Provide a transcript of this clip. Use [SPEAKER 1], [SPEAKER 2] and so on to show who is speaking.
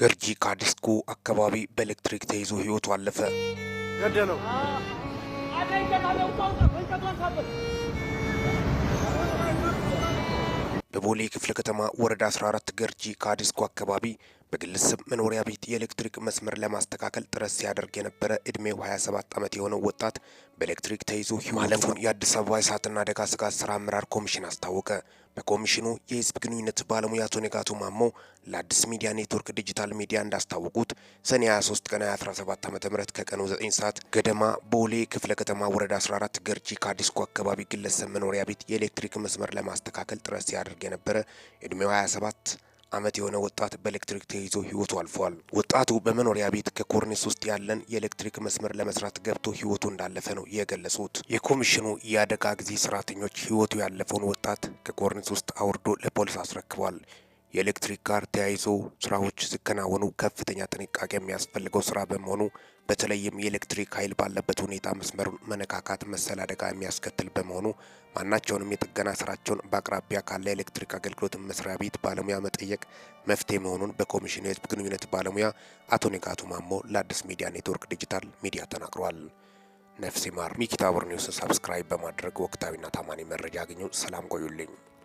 [SPEAKER 1] ገርጂ ካዲስኮ አካባቢ በኤሌክትሪክ ተይዞ ህይወቱ አለፈ። ገደለው። በቦሌ ክፍለ ከተማ ወረዳ 14 ገርጂ ካዲስኮ አካባቢ በግለሰብ መኖሪያ ቤት የኤሌክትሪክ መስመር ለማስተካከል ጥረት ሲያደርግ የነበረ እድሜው 27 ዓመት የሆነው ወጣት በኤሌክትሪክ ተይዞ ማለፉን የአዲስ አበባ እሳትና አደጋ ስጋት ስራ አመራር ኮሚሽን አስታወቀ። በኮሚሽኑ የህዝብ ግንኙነት ባለሙያ አቶ ንጋቱ ማሞ ለአዲስ ሚዲያ ኔትወርክ ዲጂታል ሚዲያ እንዳስታወቁት ሰኔ 23 ቀን 2017 ም ከቀኑ 9 ሰዓት ገደማ ቦሌ ክፍለ ከተማ ወረዳ 14 ገርጂ ካዲስኮ አካባቢ ግለሰብ መኖሪያ ቤት የኤሌክትሪክ መስመር ለማስተካከል ጥረት ሲያደርግ የነበረ ዕድሜው 27 ዓመት የሆነ ወጣት በኤሌክትሪክ ተይዞ ህይወቱ አልፏል። ወጣቱ በመኖሪያ ቤት ከኮርኒስ ውስጥ ያለን የኤሌክትሪክ መስመር ለመስራት ገብቶ ህይወቱ እንዳለፈ ነው የገለጹት። የኮሚሽኑ የአደጋ ጊዜ ሰራተኞች ህይወቱ ያለፈውን ወጣት ከኮርኒስ ውስጥ አውርዶ ለፖሊስ አስረክቧል። የኤሌክትሪክ ጋር ተያይዞ ስራዎች ሲከናወኑ ከፍተኛ ጥንቃቄ የሚያስፈልገው ስራ በመሆኑ በተለይም የኤሌክትሪክ ኃይል ባለበት ሁኔታ መስመሩን መነካካት መሰል አደጋ የሚያስከትል በመሆኑ ማናቸውንም የጥገና ስራቸውን በአቅራቢያ ካለ ኤሌክትሪክ አገልግሎት መስሪያ ቤት ባለሙያ መጠየቅ መፍትሄ መሆኑን በኮሚሽኑ የህዝብ ግንኙነት ባለሙያ አቶ ኔጋቱ ማሞ ለአዲስ ሚዲያ ኔትወርክ ዲጂታል ሚዲያ ተናግሯል። ነፍሴ ማር ሚኪታቡር ኒውስ ሰብስክራይብ በማድረግ ወቅታዊና ታማኒ መረጃ ያገኙ። ሰላም ቆዩልኝ።